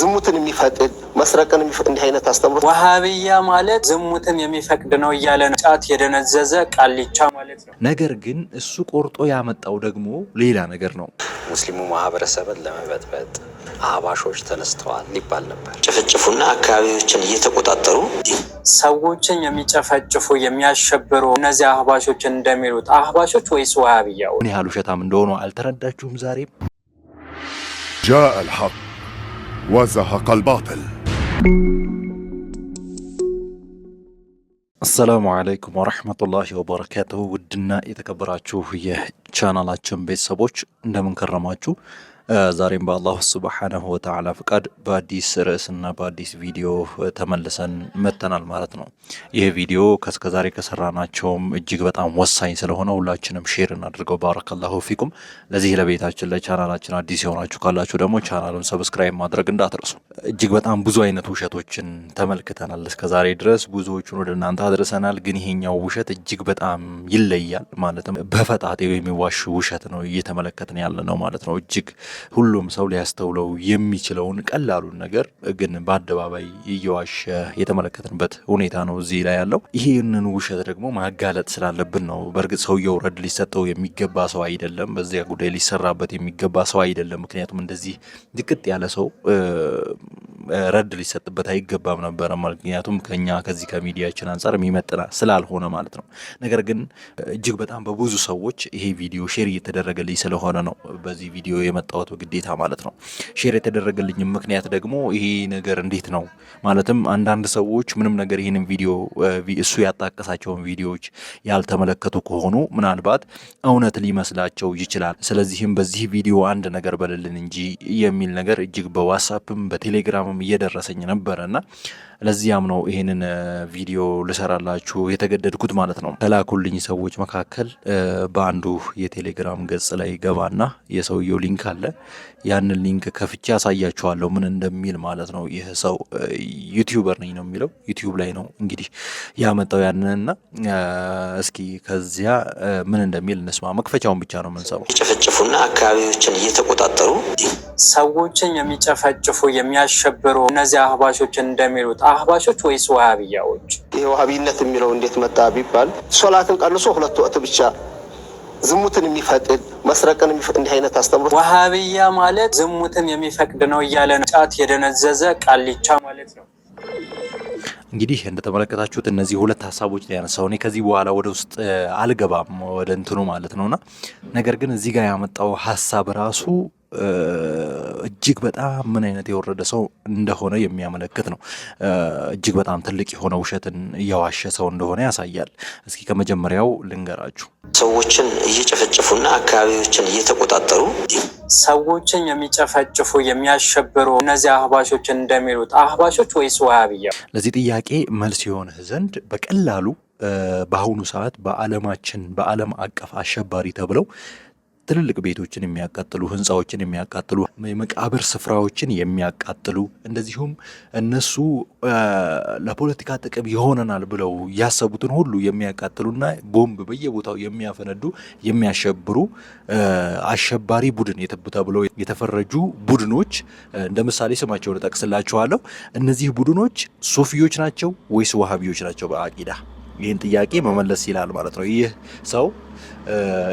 ዝሙትን የሚፈቅድ መስረቅን የሚፈቅድ እንዲህ አይነት አስተምሮት ዋሃብያ ማለት ዝሙትን የሚፈቅድ ነው እያለ ነው። ጫት የደነዘዘ ቃልቻ ማለት ነው። ነገር ግን እሱ ቆርጦ ያመጣው ደግሞ ሌላ ነገር ነው። ሙስሊሙ ማህበረሰብን ለመበጥበጥ አህባሾች ተነስተዋል ሊባል ነበር። ጭፍጭፉና አካባቢዎችን እየተቆጣጠሩ ሰዎችን የሚጨፈጭፉ የሚያሸብሩ እነዚህ አህባሾች እንደሚሉት አህባሾች ወይስ ዋሃብያው ምን ያህል ውሸታም እንደሆነ አልተረዳችሁም። ዛሬም ጃ አልሐቅ وزهق الباطل السلام عليكم ورحمة الله وبركاته ودنا إذا كبرات شوف هي شانالات شنبي سبوش نمن كرماتشو ዛሬም በአላሁ ስብሓነሁ ወተዓላ ፍቃድ በአዲስ ርዕስና በአዲስ ቪዲዮ ተመልሰን መተናል ማለት ነው። ይህ ቪዲዮ ከስከዛሬ ከሰራናቸውም እጅግ በጣም ወሳኝ ስለሆነ ሁላችንም ሼር እናድርገው። ባረከላሁ ፊኩም። ለዚህ ለቤታችን ለቻናላችን አዲስ የሆናችሁ ካላችሁ ደግሞ ቻናሉን ሰብስክራይብ ማድረግ እንዳትረሱ። እጅግ በጣም ብዙ አይነት ውሸቶችን ተመልክተናል እስከዛሬ ድረስ ብዙዎቹን ወደ እናንተ አድርሰናል። ግን ይሄኛው ውሸት እጅግ በጣም ይለያል። ማለትም በፈጣጤው የሚዋሽ ውሸት ነው እየተመለከትን ያለ ነው ማለት ነው እጅግ ሁሉም ሰው ሊያስተውለው የሚችለውን ቀላሉን ነገር ግን በአደባባይ እየዋሸ የተመለከትንበት ሁኔታ ነው እዚህ ላይ ያለው። ይህንን ውሸት ደግሞ ማጋለጥ ስላለብን ነው። በእርግጥ ሰውየው ረድ ሊሰጠው የሚገባ ሰው አይደለም። በዚያ ጉዳይ ሊሰራበት የሚገባ ሰው አይደለም። ምክንያቱም እንደዚህ ድቅጥ ያለ ሰው ረድ ሊሰጥበት አይገባም ነበረ። ምክንያቱም ከኛ ከዚህ ከሚዲያችን አንጻር የሚመጥና ስላልሆነ ማለት ነው። ነገር ግን እጅግ በጣም በብዙ ሰዎች ይሄ ቪዲዮ ሼር እየተደረገልኝ ስለሆነ ነው በዚህ ቪዲዮ የመጣሁት ግዴታ ማለት ነው። ሼር የተደረገልኝ ምክንያት ደግሞ ይሄ ነገር እንዴት ነው ማለትም አንዳንድ ሰዎች ምንም ነገር ይህንን ቪዲዮ እሱ ያጣቀሳቸውን ቪዲዮዎች ያልተመለከቱ ከሆኑ ምናልባት እውነት ሊመስላቸው ይችላል። ስለዚህም በዚህ ቪዲዮ አንድ ነገር በልልን እንጂ የሚል ነገር እጅግ በዋትሳፕም በቴሌግራም እየደረሰኝ ነበረ እና ለዚያም ነው ይሄንን ቪዲዮ ልሰራላችሁ የተገደድኩት ማለት ነው። ከላኩልኝ ሰዎች መካከል በአንዱ የቴሌግራም ገጽ ላይ ገባና የሰውየው ሊንክ አለ። ያንን ሊንክ ከፍቼ ያሳያችኋለሁ ምን እንደሚል ማለት ነው። ይህ ሰው ዩቲዩበር ነኝ ነው የሚለው። ዩቲዩብ ላይ ነው እንግዲህ ያመጣው ያንንና፣ እስኪ ከዚያ ምን እንደሚል እንስማ። መክፈቻውን ብቻ ነው የምንሰማው። ጨፈጭፉና አካባቢዎችን እየተቆጣጠሩ ሰዎችን የሚጨፈጭፉ የሚያሸብሩ እነዚህ አህባሾች እንደሚሉት አህባሾች ወይስ ዋሃብያዎች? ይሄ ዋሃብይነት የሚለው እንዴት መጣ ቢባል ሶላትን ቀንሶ ሁለት ወቅት ብቻ ዝሙትን የሚፈቅድ መስረቅን እንዲህ አይነት አስተምሮ ዋሃብያ ማለት ዝሙትን የሚፈቅድ ነው እያለ ነው። ጫት የደነዘዘ ቃልቻ ማለት ነው። እንግዲህ እንደተመለከታችሁት እነዚህ ሁለት ሀሳቦች ነው ያነሳው። እኔ ከዚህ በኋላ ወደ ውስጥ አልገባም ወደ እንትኑ ማለት ነውና ነገር ግን እዚህ ጋር ያመጣው ሀሳብ ራሱ እጅግ በጣም ምን አይነት የወረደ ሰው እንደሆነ የሚያመለክት ነው። እጅግ በጣም ትልቅ የሆነ ውሸትን እየዋሸ ሰው እንደሆነ ያሳያል። እስኪ ከመጀመሪያው ልንገራችሁ። ሰዎችን እየጨፈጨፉና አካባቢዎችን እየተቆጣጠሩ ሰዎችን የሚጨፈጭፉ የሚያሸብሩ እነዚህ አህባሾች እንደሚሉት አህባሾች ወይስ ወሃብያ? ለዚህ ጥያቄ መልስ የሆነህ ዘንድ በቀላሉ በአሁኑ ሰዓት በዓለማችን በዓለም አቀፍ አሸባሪ ተብለው ትልልቅ ቤቶችን የሚያቃጥሉ ህንፃዎችን የሚያቃጥሉ የመቃብር ስፍራዎችን የሚያቃጥሉ እንደዚሁም እነሱ ለፖለቲካ ጥቅም ይሆነናል ብለው ያሰቡትን ሁሉ የሚያቃጥሉና ቦምብ በየቦታው የሚያፈነዱ የሚያሸብሩ አሸባሪ ቡድን ተብለው የተፈረጁ ቡድኖች እንደ ምሳሌ ስማቸውን እጠቅስላችኋለሁ። እነዚህ ቡድኖች ሱፊዮች ናቸው ወይስ ዋሃቢዮች ናቸው በአቂዳ ይህን ጥያቄ መመለስ ይላል ማለት ነው። ይህ ሰው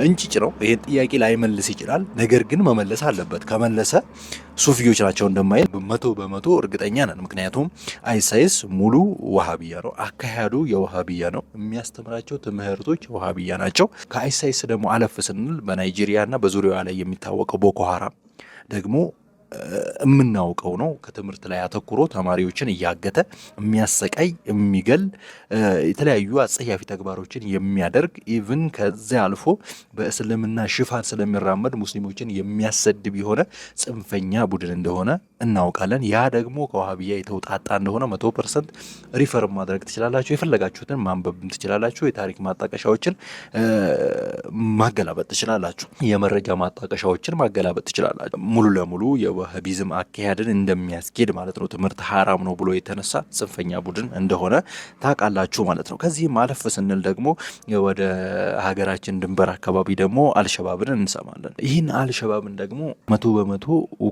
እንጭጭ ነው። ይህን ጥያቄ ላይመልስ ይችላል። ነገር ግን መመለስ አለበት። ከመለሰ ሱፊዎች ናቸው እንደማይል መቶ በመቶ እርግጠኛ ነን። ምክንያቱም አይሳይስ ሙሉ ውሃብያ ነው። አካሄዱ የውሃብያ ነው። የሚያስተምራቸው ትምህርቶች ውሃብያ ናቸው። ከአይሳይስ ደግሞ አለፍ ስንል በናይጄሪያና በዙሪያዋ ላይ የሚታወቀው ቦኮ ሀራም ደግሞ የምናውቀው ነው። ከትምህርት ላይ አተኩሮ ተማሪዎችን እያገተ የሚያሰቃይ የሚገል የተለያዩ አጸያፊ ተግባሮችን የሚያደርግ ኢቭን ከዚያ አልፎ በእስልምና ሽፋን ስለሚራመድ ሙስሊሞችን የሚያሰድብ የሆነ ጽንፈኛ ቡድን እንደሆነ እናውቃለን። ያ ደግሞ ከዋሃብያ የተውጣጣ እንደሆነ መቶ ፐርሰንት ሪፈር ማድረግ ትችላላችሁ። የፈለጋችሁትን ማንበብም ትችላላችሁ። የታሪክ ማጣቀሻዎችን ማገላበጥ ትችላላችሁ። የመረጃ ማጣቀሻዎችን ማገላበጥ ትችላላችሁ። ሙሉ ለሙሉ የዋህቢዝም አካሄድን እንደሚያስኬድ ማለት ነው። ትምህርት ሀራም ነው ብሎ የተነሳ ጽንፈኛ ቡድን እንደሆነ ታውቃላችሁ ማለት ነው። ከዚህም አለፍ ስንል ደግሞ ወደ ሀገራችን ድንበር አካባቢ ደግሞ አልሸባብን እንሰማለን። ይህን አልሸባብን ደግሞ መቶ በመቶ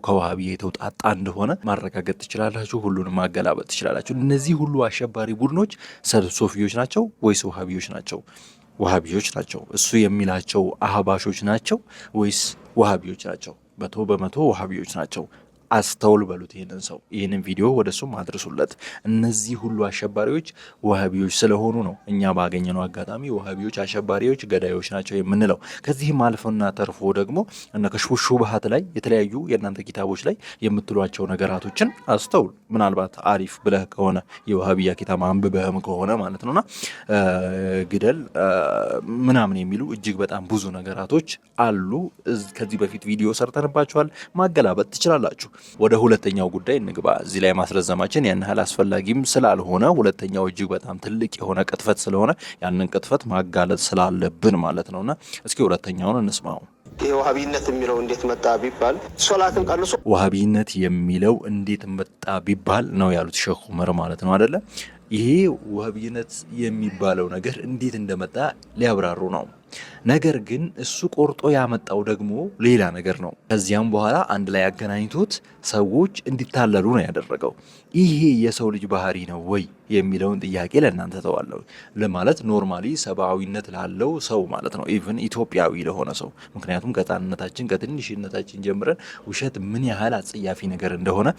ከዋሃብያ የተውጣጣ እንደሆነ ማረጋገጥ ትችላላችሁ። ሁሉንም ማገላበጥ ትችላላችሁ። እነዚህ ሁሉ አሸባሪ ቡድኖች ሰልሶፊዮች ናቸው ወይስ ውሃቢዎች ናቸው? ውሃቢዎች ናቸው። እሱ የሚላቸው አህባሾች ናቸው ወይስ ውሃቢዎች ናቸው? መቶ በመቶ ውሃቢዮች ናቸው። አስተውል በሉት። ይህንን ሰው ይህንን ቪዲዮ ወደ እሱም አድርሱለት። እነዚህ ሁሉ አሸባሪዎች ዋሃቢዎች ስለሆኑ ነው እኛ ባገኘነው አጋጣሚ ዋሃቢዎች አሸባሪዎች፣ ገዳዮች ናቸው የምንለው። ከዚህም አልፎና ተርፎ ደግሞ እነ ከሽፉሹ ባህት ላይ የተለያዩ የእናንተ ኪታቦች ላይ የምትሏቸው ነገራቶችን አስተውል። ምናልባት አሪፍ ብለህ ከሆነ የዋሃቢያ ኪታብ አንብበህም ከሆነ ማለት ነውና ግደል ምናምን የሚሉ እጅግ በጣም ብዙ ነገራቶች አሉ። ከዚህ በፊት ቪዲዮ ሰርተንባችኋል። ማገላበጥ ትችላላችሁ። ወደ ሁለተኛው ጉዳይ እንግባ። እዚህ ላይ ማስረዘማችን ያን ያህል አስፈላጊም ስላልሆነ ሁለተኛው እጅግ በጣም ትልቅ የሆነ ቅጥፈት ስለሆነ ያንን ቅጥፈት ማጋለጥ ስላለብን ማለት ነውና እስኪ ሁለተኛውን እንስማው። ይሄ ዋሃቢነት የሚለው እንዴት መጣ ቢባል ሶላትን ቀንሶ ዋሃቢነት የሚለው እንዴት መጣ ቢባል ነው ያሉት ሼክ ዑመር ማለት ነው አይደለ? ይሄ ዋሃቢነት የሚባለው ነገር እንዴት እንደመጣ ሊያብራሩ ነው። ነገር ግን እሱ ቆርጦ ያመጣው ደግሞ ሌላ ነገር ነው። ከዚያም በኋላ አንድ ላይ አገናኝቶት ሰዎች እንዲታለሉ ነው ያደረገው። ይሄ የሰው ልጅ ባህሪ ነው ወይ የሚለውን ጥያቄ ለእናንተ ተዋለሁ። ለማለት ኖርማሊ ሰብአዊነት ላለው ሰው ማለት ነው፣ ኢቭን ኢትዮጵያዊ ለሆነ ሰው። ምክንያቱም ከጣንነታችን ከትንሽነታችን ጀምረን ውሸት ምን ያህል አጸያፊ ነገር እንደሆነ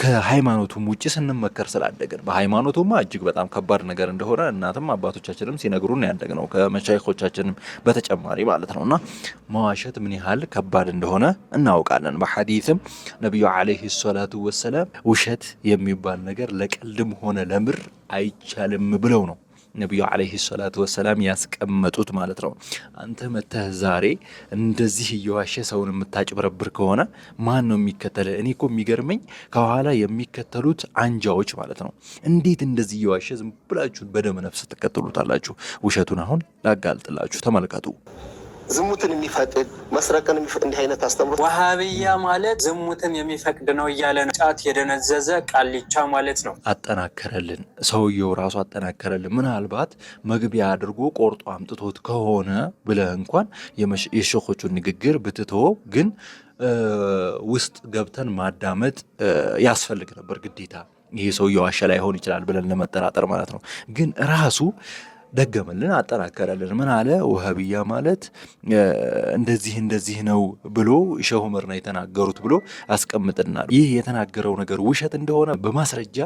ከሃይማኖቱም ውጭ ስንመከር ስላደግን በሃይማኖቱማ እጅግ በጣም ከባድ ነገር እንደሆነ እናትም አባቶቻችንም ሲነግሩን ያደግ ነው ከመሻይኮቻችንም በተጨማሪ ማለት ነው። እና መዋሸት ምን ያህል ከባድ እንደሆነ እናውቃለን። በሐዲትም ነቢዩ ዓለይሂ ሰላቱ ወሰላም ውሸት የሚባል ነገር ለቀልድም ሆነ ለምር አይቻልም ብለው ነው ነቢዩ ዓለይሂ ሰላቱ ወሰላም ያስቀመጡት ማለት ነው። አንተ መተህ ዛሬ እንደዚህ እየዋሸ ሰውን የምታጭበረብር ከሆነ ማን ነው የሚከተለ እኔ ኮ የሚገርመኝ ከኋላ የሚከተሉት አንጃዎች ማለት ነው። እንዴት እንደዚህ እየዋሸ ዝም ብላችሁ በደመ ነፍስ ትከተሉታላችሁ? ውሸቱን አሁን ላጋልጥላችሁ፣ ተመልከቱ። ዝሙትን የሚፈቅድ መስረቅን የሚፈቅድ እንዲህ አይነት አስተምሮት ዋሃብያ ማለት ዝሙትን የሚፈቅድ ነው እያለ ነው። ጫት የደነዘዘ ቃልቻ ማለት ነው። አጠናከረልን፣ ሰውየው ራሱ አጠናከረልን። ምናልባት መግቢያ አድርጎ ቆርጦ አምጥቶት ከሆነ ብለህ እንኳን የሸኮቹን ንግግር ብትቶ ግን ውስጥ ገብተን ማዳመጥ ያስፈልግ ነበር ግዴታ። ይሄ ሰውየው አሸላ ይሆን ይችላል ብለን ለመጠራጠር ማለት ነው። ግን ራሱ ደገመልን፣ አጠናከረልን። ምን አለ? ውሃብያ ማለት እንደዚህ እንደዚህ ነው ብሎ ሸህ ዑመርና የተናገሩት ብሎ አስቀምጥናል። ይህ የተናገረው ነገር ውሸት እንደሆነ በማስረጃ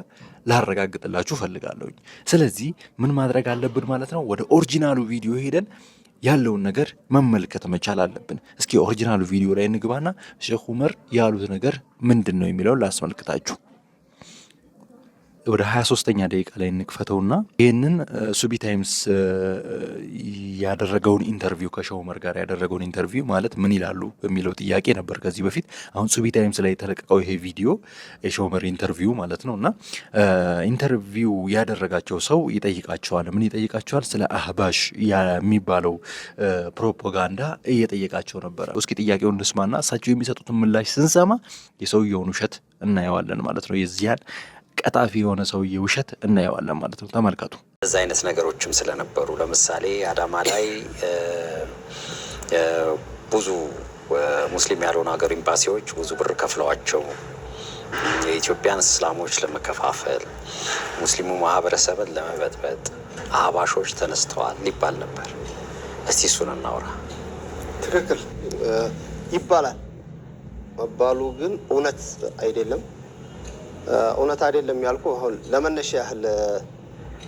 ላረጋግጥላችሁ ፈልጋለሁኝ። ስለዚህ ምን ማድረግ አለብን ማለት ነው? ወደ ኦሪጂናሉ ቪዲዮ ሄደን ያለውን ነገር መመልከት መቻል አለብን። እስኪ ኦሪጂናሉ ቪዲዮ ላይ እንግባና ሼህ ዑመር ያሉት ነገር ምንድን ነው የሚለውን ላስመልክታችሁ። ወደ 23 ተኛ ደቂቃ ላይ እንክፈተውና ይህንን ሱቢ ታይምስ ያደረገውን ኢንተርቪው ከሾመር ጋር ያደረገውን ኢንተርቪው ማለት ምን ይላሉ በሚለው ጥያቄ ነበር ከዚህ በፊት። አሁን ሱቢ ታይምስ ላይ የተለቀቀው ይሄ ቪዲዮ የሾመር ኢንተርቪው ማለት ነው እና ኢንተርቪው ያደረጋቸው ሰው ይጠይቃቸዋል። ምን ይጠይቃቸዋል? ስለ አህባሽ የሚባለው ፕሮፓጋንዳ እየጠየቃቸው ነበረ። እስኪ ጥያቄውን እንስማና እሳቸው የሚሰጡትን ምላሽ ስንሰማ የሰውየውን ውሸት እናየዋለን ማለት ነው የዚያን ቀጣፊ የሆነ ሰውዬ ውሸት እናየዋለን ማለት ነው። ተመልከቱ። እዚ አይነት ነገሮችም ስለነበሩ ለምሳሌ አዳማ ላይ ብዙ ሙስሊም ያልሆኑ ሀገር ኤምባሲዎች ብዙ ብር ከፍለዋቸው የኢትዮጵያን እስላሞች ለመከፋፈል ሙስሊሙ ማህበረሰብን ለመበጥበጥ አህባሾች ተነስተዋል ይባል ነበር። እስቲ እሱን እናውራ። ትክክል ይባላል መባሉ ግን እውነት አይደለም። እውነት አይደለም ያልኩ አሁን ለመነሻ ያህል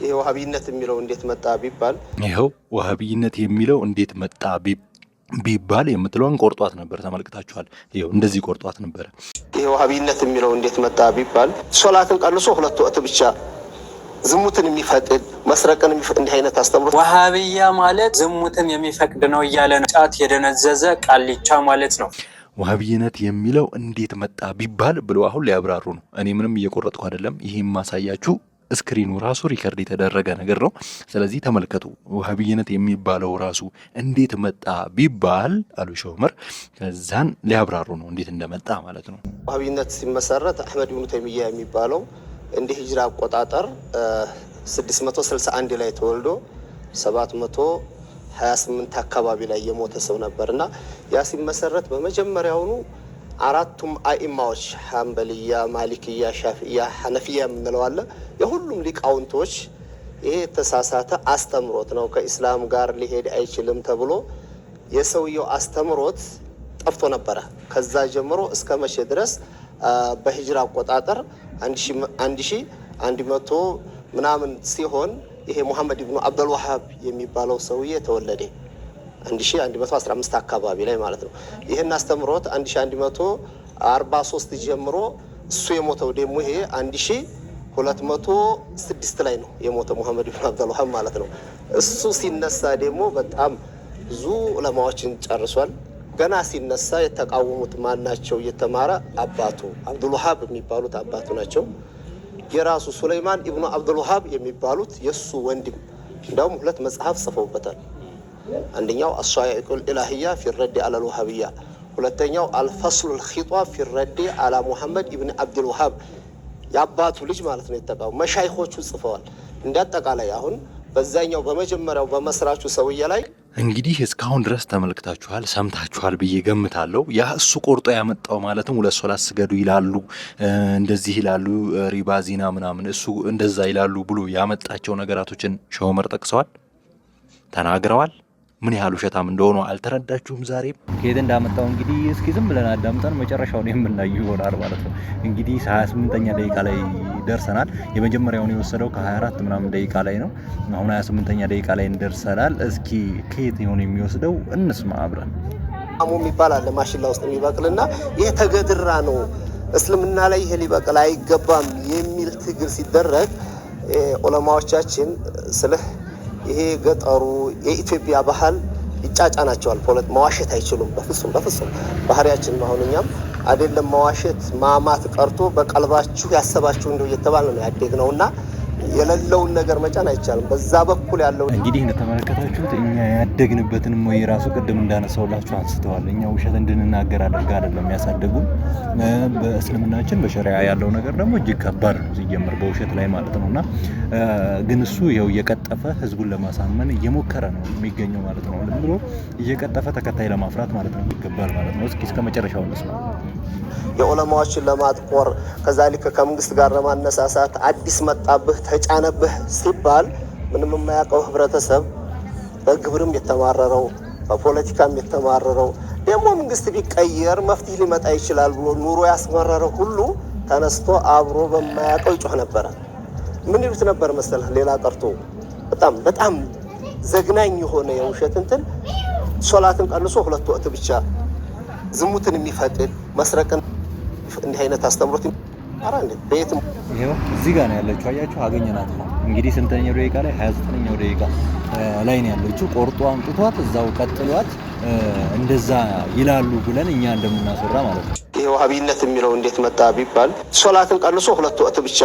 ይሄ ዋሃቢነት የሚለው እንዴት መጣ ቢባል ይኸው ዋሃቢነት የሚለው እንዴት መጣ ቢባል የምትለውን ቆርጧት ነበር። ተመልክታችኋል። ይኸው እንደዚህ ቆርጧት ነበረ። ይሄ ዋሃቢነት የሚለው እንዴት መጣ ቢባል ሶላትን ቀንሶ ሁለት ወቅት ብቻ ዝሙትን የሚፈቅድ መስረቅን የሚፈቅድ እንዲህ አይነት አስተምሮት ዋሃቢያ ማለት ዝሙትን የሚፈቅድ ነው እያለ ነው። ጫት የደነዘዘ ቃልቻ ማለት ነው። ዋህብይነት የሚለው እንዴት መጣ ቢባል ብለው አሁን ሊያብራሩ ነው። እኔ ምንም እየቆረጥኩ አይደለም። ይሄ የማሳያችሁ ስክሪኑ ራሱ ሪከርድ የተደረገ ነገር ነው። ስለዚህ ተመልከቱ። ዋህብይነት የሚባለው ራሱ እንዴት መጣ ቢባል አሉ ሼህ ዑመር ከዛን ሊያብራሩ ነው እንዴት እንደመጣ ማለት ነው። ዋህብይነት ሲመሰረት አህመድ ብኑ ተይሚያ የሚባለው እንደ ሂጅራ አቆጣጠር 661 ላይ ተወልዶ 700 28 አካባቢ ላይ የሞተ ሰው ነበር እና ያ ሲመሰረት በመጀመሪያውኑ አራቱም አኢማዎች ሐንበልያ፣ ማሊክያ፣ ሻፍያ፣ ሐነፍያ የምንለው አለ የሁሉም ሊቃውንቶች ይሄ የተሳሳተ አስተምሮት ነው ከኢስላም ጋር ሊሄድ አይችልም ተብሎ የሰውየው አስተምሮት ጠፍቶ ነበረ። ከዛ ጀምሮ እስከ መቼ ድረስ በሂጅራ አቆጣጠር አንድ ሺ አንድ መቶ ምናምን ሲሆን ይሄ ሙሐመድ ብኑ አብደልዋሃብ የሚባለው ሰውዬ ተወለደ 1115 አካባቢ ላይ ማለት ነው። ይህን አስተምሮት 1143 ጀምሮ እሱ የሞተው ደግሞ ይሄ 1206 ላይ ነው የሞተው ሙሐመድ ብኑ አብደልዋሃብ ማለት ነው። እሱ ሲነሳ ደግሞ በጣም ብዙ ዑለማዎችን ጨርሷል። ገና ሲነሳ የተቃወሙት ማን ናቸው እየተማረ አባቱ አብዱልሃብ የሚባሉት አባቱ ናቸው። የራሱ ሱለይማን ኢብኑ አብዱልውሃብ የሚባሉት የእሱ ወንድም እንዲያውም ሁለት መጽሐፍ ጽፈውበታል። አንደኛው አሻኢቁል ኢላህያ ፊረዲ አለል ውሃብያ፣ ሁለተኛው አልፈስሉል ኺጧ ፊረዲ አላ ሙሐመድ ኢብን አብዱልውሃብ የአባቱ ልጅ ማለት ነው። የተቃው መሻይኾቹ ጽፈዋል። እንደ አጠቃላይ አሁን በዛኛው በመጀመሪያው በመስራቹ ሰውዬ ላይ እንግዲህ እስካሁን ድረስ ተመልክታችኋል፣ ሰምታችኋል ብዬ ገምታለሁ። ያ እሱ ቆርጦ ያመጣው ማለትም ሁለት ሶላት ስገዱ ይላሉ፣ እንደዚህ ይላሉ፣ ሪባ ዚና ምናምን እሱ እንደዛ ይላሉ ብሎ ያመጣቸው ነገራቶችን ሸሆመር ጠቅሰዋል፣ ተናግረዋል። ምን ያህል ውሸታም እንደሆነ አልተረዳችሁም። ዛሬ ከየት እንዳመጣው እንግዲህ እስኪ ዝም ብለን አዳምጠን መጨረሻውን የምናዩ ይሆናል ማለት ነው። እንግዲህ 28ኛ ደቂቃ ላይ ደርሰናል። የመጀመሪያውን የወሰደው ከ24 ምናምን ደቂቃ ላይ ነው። አሁን 28ኛ ደቂቃ ላይ እንደርሰናል። እስኪ ከየት ይሆን የሚወስደው እንስማ አብረን አሙም ይባላል ማሽላ ውስጥ የሚበቅልና የተገድራ ነው። እስልምና ላይ ይሄ ሊበቅል አይገባም የሚል ትግል ሲደረግ ዑለማዎቻችን ስልህ ይሄ ገጠሩ የኢትዮጵያ ባህል ይጫጫናቸዋል። ፖለት መዋሸት አይችሉም በፍጹም በፍጹም ባህሪያችን ነው። አሁን እኛም አይደለም መዋሸት ማማት ቀርቶ በቀልባችሁ ያሰባችሁ እንደው እየተባለ ነው ያደግ ነው እና የሌለውን ነገር መጫን አይቻልም። በዛ በኩል ያለው እንግዲህ እንደተመለከታችሁት እኛ ያደግንበትን ሞይ ራሱ ቅድም እንዳነሳውላችሁ አንስተዋል። እኛ ውሸት እንድንናገር አድርጋ አይደለም ያሳደጉን። በእስልምናችን በሸሪያ ያለው ነገር ደግሞ እጅግ ከባድ ነው ሲጀምር በውሸት ላይ ማለት ነው። እና ግን እሱ ይኸው እየቀጠፈ ህዝቡን ለማሳመን እየሞከረ ነው የሚገኘው ማለት ነው። ብሎ እየቀጠፈ ተከታይ ለማፍራት ማለት ነው ይገባል ማለት ነው። እስኪ እስከ መጨረሻው የዑለማዎችን ለማጥቆር ከዛሊከ ከመንግስት ጋር ለማነሳሳት አዲስ መጣብህ ተጫነብህ ሲባል ምንም የማያውቀው ህብረተሰብ በግብርም የተማረረው በፖለቲካም የተማረረው ደግሞ መንግስት ቢቀየር መፍትሄ ሊመጣ ይችላል ብሎ ኑሮ ያስመረረው ሁሉ ተነስቶ አብሮ በማያውቀው ይጮህ ነበረ። ምን ይሉት ነበር መሰለህ? ሌላ ቀርቶ በጣም በጣም ዘግናኝ የሆነ የውሸት እንትን ሶላትን ቀንሶ ሁለት ወቅት ብቻ ዝሙትን የሚፈቅድ መስረቅን እንዲህ አይነት አስተምሮት በየትም ይኸው እዚህ ጋር ነው ያለችው። አያችሁ አገኘናት ነው እንግዲህ ስንተኛው ደቂቃ ላይ 29ኛው ደቂቃ ላይ ነው ያለችው። ቆርጦ አምጥቷት እዛው ቀጥሏት እንደዛ ይላሉ ብለን እኛ እንደምናሰራ ማለት ነው። ይሄ ዋህቢነት የሚለው እንዴት መጣ ቢባል ሶላትን ቀንሶ ሁለት ወቅት ብቻ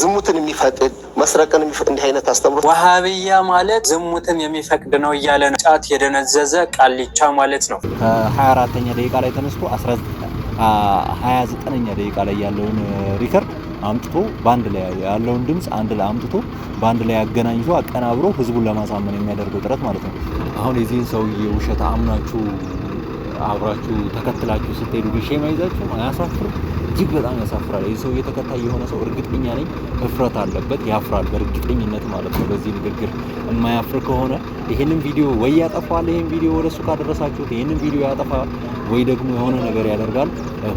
ዝሙትን የሚፈቅድ መስረቅን የሚፈቅድ እንዲህ አይነት አስተምሮ ዋሃብያ ማለት ዝሙትን የሚፈቅድ ነው እያለ ነው። ጫት የደነዘዘ ቃልቻ ማለት ነው። ከ24ኛ ደቂቃ ላይ ተነስቶ 29ኛ ደቂቃ ላይ ያለውን ሪከርድ አምጥቶ በአንድ ላይ ያለውን ድምፅ አንድ ላይ አምጥቶ በአንድ ላይ አገናኝቶ አቀናብሮ ህዝቡን ለማሳመን የሚያደርገው ጥረት ማለት ነው። አሁን የዚህን ሰውዬ ውሸት አምናችሁ አብራችሁ ተከትላችሁ ስትሄዱ ሼማ አይዛችሁ አያሳፍርም? እጅግ በጣም ያሳፍራል። ይህ ሰው ተከታይ የሆነ ሰው እርግጠኛ ነኝ እፍረት አለበት፣ ያፍራል በእርግጠኝነት ማለት ነው። በዚህ ንግግር የማያፍር ከሆነ ይሄንን ቪዲዮ ወይ ያጠፋል፣ ይሄን ቪዲዮ ወደሱ ካደረሳችሁት ይሄንን ቪዲዮ ያጠፋ ወይ ደግሞ የሆነ ነገር ያደርጋል።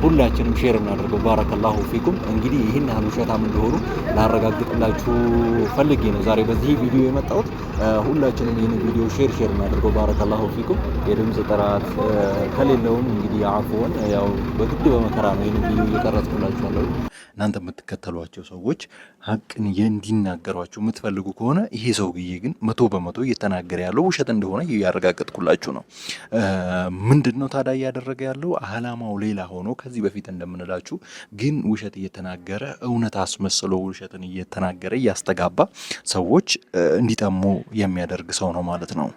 ሁላችንም ሼር እናደርገው። ባረከላሁ ፊኩም። እንግዲህ ይህን ያህል ውሸታም እንደሆኑ ላረጋግጥላችሁ ፈልጌ ነው ዛሬ በዚህ ቪዲዮ የመጣሁት። ሁላችንም ይህን ቪዲዮ ሼር ሼር እናደርገው። ባረከላሁ ፊኩም። የድምፅ ጥራት ከሌለውም እንግዲህ አፎን ያው በግድ በመከራ ነው ይህን ቪዲዮ እየቀረጽኩላችኋለሁ። እናንተ የምትከተሏቸው ሰዎች ሀቅን እንዲናገሯቸው የምትፈልጉ ከሆነ ይሄ ሰውዬ ግን መቶ በመቶ እየተናገረ ያለው ውሸት እንደሆነ እያረጋገጥኩላችሁ ነው። ምንድን ነው ታዲያ እያደረገ ያለው? አላማው ሌላ ሆኖ ከዚህ በፊት እንደምንላችሁ ግን ውሸት እየተናገረ እውነት አስመስሎ ውሸትን እየተናገረ እያስተጋባ ሰዎች እንዲጠሙ የሚያደርግ ሰው ነው ማለት ነው።